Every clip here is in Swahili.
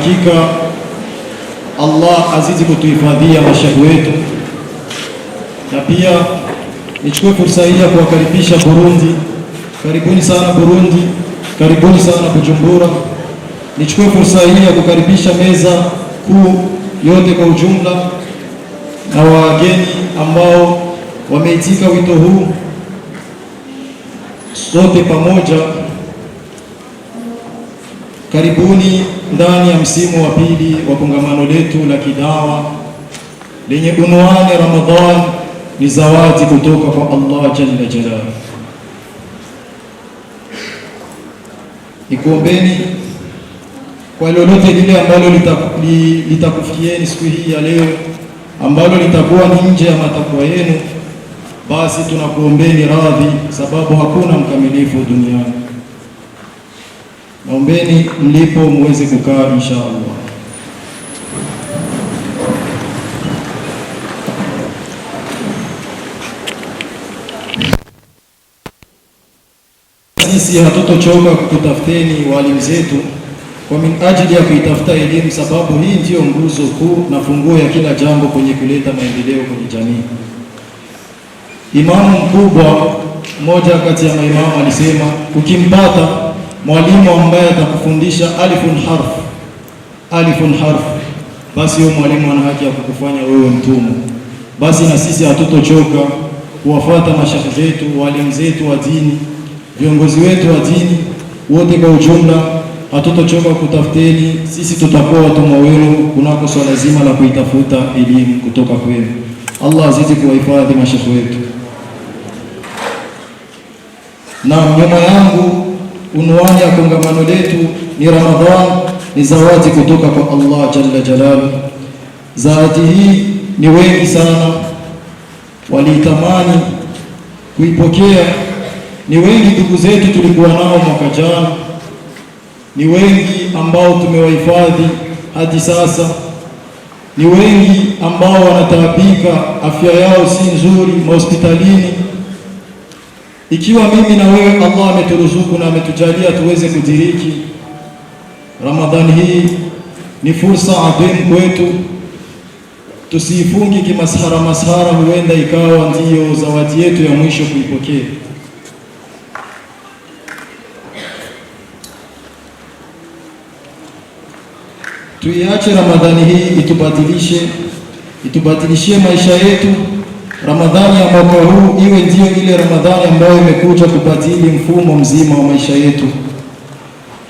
Hakika Allah azizi kutuhifadhia mashagu wetu, na pia nichukue fursa hii ya kuwakaribisha Burundi. Karibuni sana Burundi, karibuni sana Bujumbura. Nichukue fursa hii ya kukaribisha meza kuu yote kwa ujumla na wageni ambao wameitika wito huu, sote pamoja Karibuni ndani ya msimu wa pili wa kongamano letu la kidawa lenye unwani Ramadhan ni zawadi kutoka kwa Allah jalla jalaluhu. Nikuombeni kwa lolote lile ambalo litakufikieni siku hii ya leo, ambalo litakuwa ni nje ya matakwa yenu, basi tunakuombeni radhi, sababu hakuna mkamilifu duniani Naombeni mlipo muweze kukaa insha Allah. Sisi hatutochoka kukutafuteni walimu zetu kwa min ajili ya kuitafuta elimu, sababu hii ndiyo nguzo kuu na funguo ya kila jambo kwenye kuleta maendeleo kwenye jamii. Imamu mkubwa mmoja kati ya maimamu alisema, ukimpata mwalimu ambaye atakufundisha alifun harf, alifun harf, basi huyo mwalimu ana haki ya kukufanya wewe mtume. Basi na sisi hatutochoka kuwafuata mashaikh zetu, walimu zetu wa dini, viongozi wetu wa dini, wote kwa ujumla, hatutochoka kutafuteni. Sisi tutakuwa watumwa wenu kunako swala zima la kuitafuta elimu kutoka kwenu. Allah azidi kuwahifadhi mashaikh wetu na nyuma yangu Unwani ya kongamano letu ni Ramadhan, ni zawadi kutoka kwa Allah jalla jalaluhu. Zawadi hii ni wengi sana waliitamani kuipokea, ni wengi ndugu zetu tulikuwa nao mwaka jana, ni wengi ambao tumewahifadhi hadi sasa, ni wengi ambao wanataabika, afya yao si nzuri mahospitalini ikiwa mimi na wewe Allah ameturuzuku na ametujalia tuweze kudiriki Ramadhani hii, ni fursa adhimu kwetu, tusiifungi kimashara mashara, huenda ikawa ndiyo zawadi yetu ya mwisho kuipokea. Tuiache Ramadhani hii itubadilishe, itubadilishie maisha yetu Ramadhani ya mwaka huu iwe ndiyo ile Ramadhani ambayo imekuja kubadili mfumo mzima wa maisha yetu.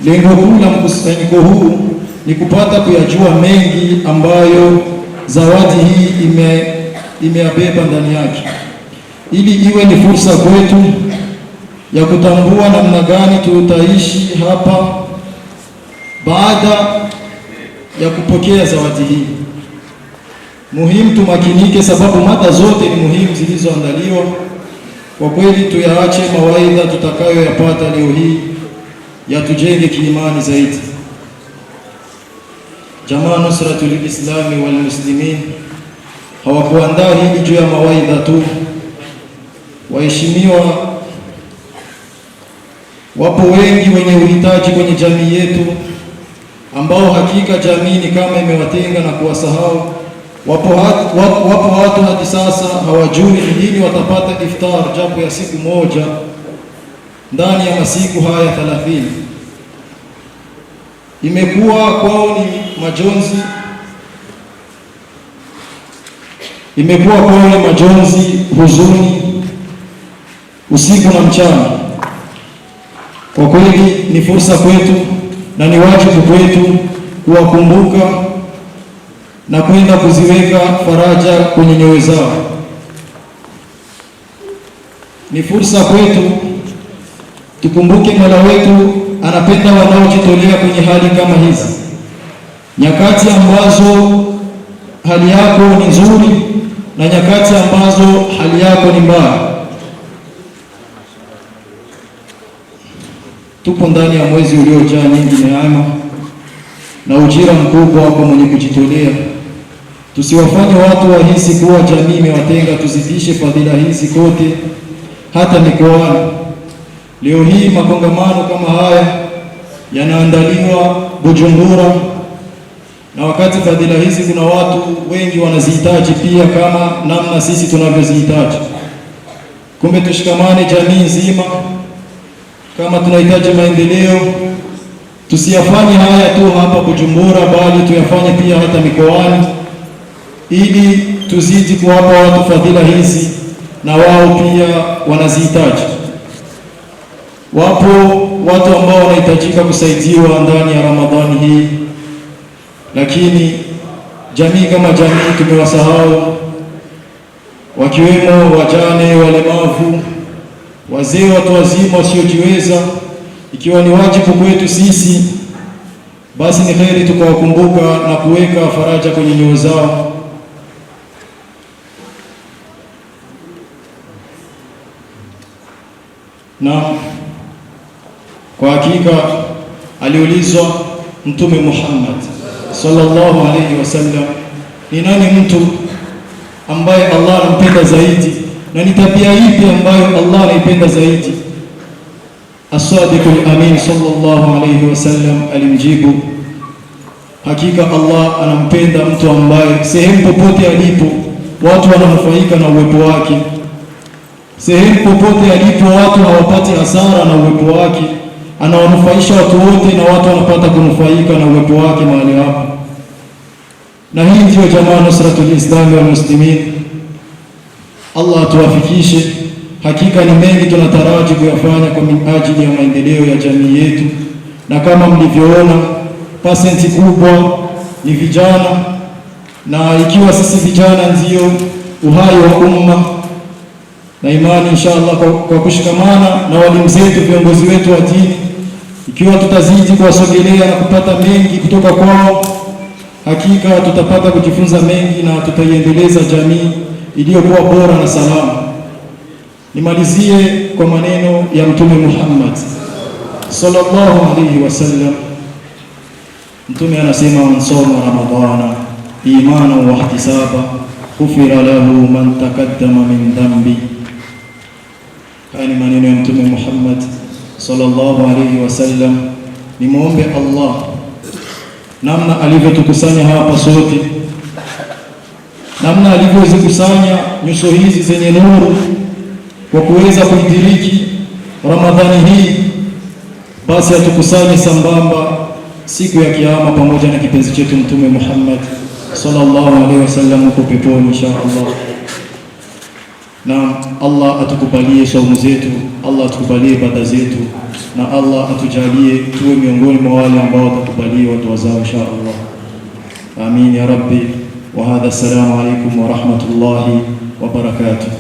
Lengo kuu la mkusanyiko huu ni kupata kuyajua mengi ambayo zawadi hii ime imeyabeba ndani yake, ili iwe ni fursa kwetu ya kutambua namna gani tutaishi hapa baada ya kupokea zawadi hii. Muhimu tumakinike, sababu mada zote ni muhimu zilizoandaliwa. Kwa kweli, tuyaache mawaidha tutakayoyapata leo hii yatujenge kiimani zaidi. Jamaa Nusratul Islami wal Muslimin hawakuandaa hili juu ya mawaidha tu. Waheshimiwa, wapo wengi wenye uhitaji kwenye jamii yetu ambao hakika jamii ni kama imewatenga na kuwasahau Wapo watu, wapo watu hadi sasa hawajui ni lini watapata iftar japo ya siku moja ndani ya masiku haya thalathini. Imekuwa kwao ni majonzi, imekuwa kwao ni majonzi, huzuni usiku na mchana. Kwa kweli ni fursa kwetu na ni wajibu kwetu kuwakumbuka na kwenda kuziweka faraja kwenye nyoyo zao. Ni fursa kwetu tukumbuke Mola wetu anapenda wanaojitolea kwenye hali kama hizi, nyakati ambazo hali yako ni nzuri na nyakati ambazo hali yako ni mbaya. Tupo ndani ya mwezi uliojaa nyingi neema na ujira mkubwa kwa mwenye kujitolea. Tusiwafanye watu wahisi kuwa jamii imewatenga, tuzidishe fadhila hizi kote, hata mikoani. Leo hii makongamano kama haya yanaandaliwa Bujumbura, na wakati fadhila hizi kuna watu wengi wanazihitaji pia kama namna sisi tunavyozihitaji. Kumbe tushikamane jamii nzima, kama tunahitaji maendeleo tusiyafanye haya tu hapa Bujumbura, bali tuyafanye pia hata mikoani ili tuzidi kuwapa watu fadhila hizi, na wao pia wanazihitaji. Wapo watu ambao wanahitajika kusaidiwa ndani ya Ramadhani hii, lakini jamii kama jamii tumewasahau, wakiwemo wajane, walemavu, wazee, watu wazima wasiojiweza. Ikiwa ni wajibu kwetu sisi, basi ni heri tukawakumbuka na kuweka faraja kwenye nyoyo zao. na kwa hakika aliulizwa Mtume Muhammad sallallahu alayhi wasallam, ni nani mtu ambaye Allah anampenda zaidi na ni tabia ipi ambayo Allah anaipenda zaidi? As-Sadiqul Amin sallallahu alayhi wasallam alimjibu, hakika Allah anampenda mtu ambaye sehemu popote alipo watu wananufaika na uwepo wake sehemu popote alipo, watu hawapati hasara na uwepo wake, anawanufaisha watu wote na watu wanapata kunufaika na uwepo wake mahali hapo. Na hii ndiyo jamaa Nusratul Islami wal Muslimin. Allah atuwafikishe. Hakika ni mengi tunataraji kuyafanya kwa ajili ya maendeleo ya jamii yetu, na kama mlivyoona pasenti kubwa ni vijana, na ikiwa sisi vijana ndiyo uhai wa umma na imani insha Allah, kwa kushikamana na walimu zetu, viongozi wetu wa dini, ikiwa tutazidi kuwasogelea na kupata mengi kutoka kwao, hakika tutapata kujifunza mengi na tutaiendeleza jamii iliyokuwa bora na salama. Nimalizie kwa maneno ya Mtume Muhammad sallallahu alaihi wasallam. Mtume anasema, man soma ramadana imana wahtisaba ghufira lahu man takaddama min dhanbi Haya ni maneno ya Mtume Muhammad sallallahu alayhi wasallam. Nimwombe Allah namna alivyotukusanya hapa sote, namna alivyozikusanya nyuso hizi zenye nuru kwa kuweza kuidiriki Ramadhani hii, basi atukusanye sambamba siku ya Kiyama pamoja na kipenzi chetu Mtume Muhammad sallallahu alayhi wasallam huko peponi insha Allah na Allah atukubalie saumu zetu, Allah atukubalie ibada zetu, na Allah atujalie tuwe miongoni mwa wale ambao watakubalia watu wazao insha Allah. Amin ya Rabbi wa hadha. Assalamu alaikum wa rahmatullahi wa barakatuh.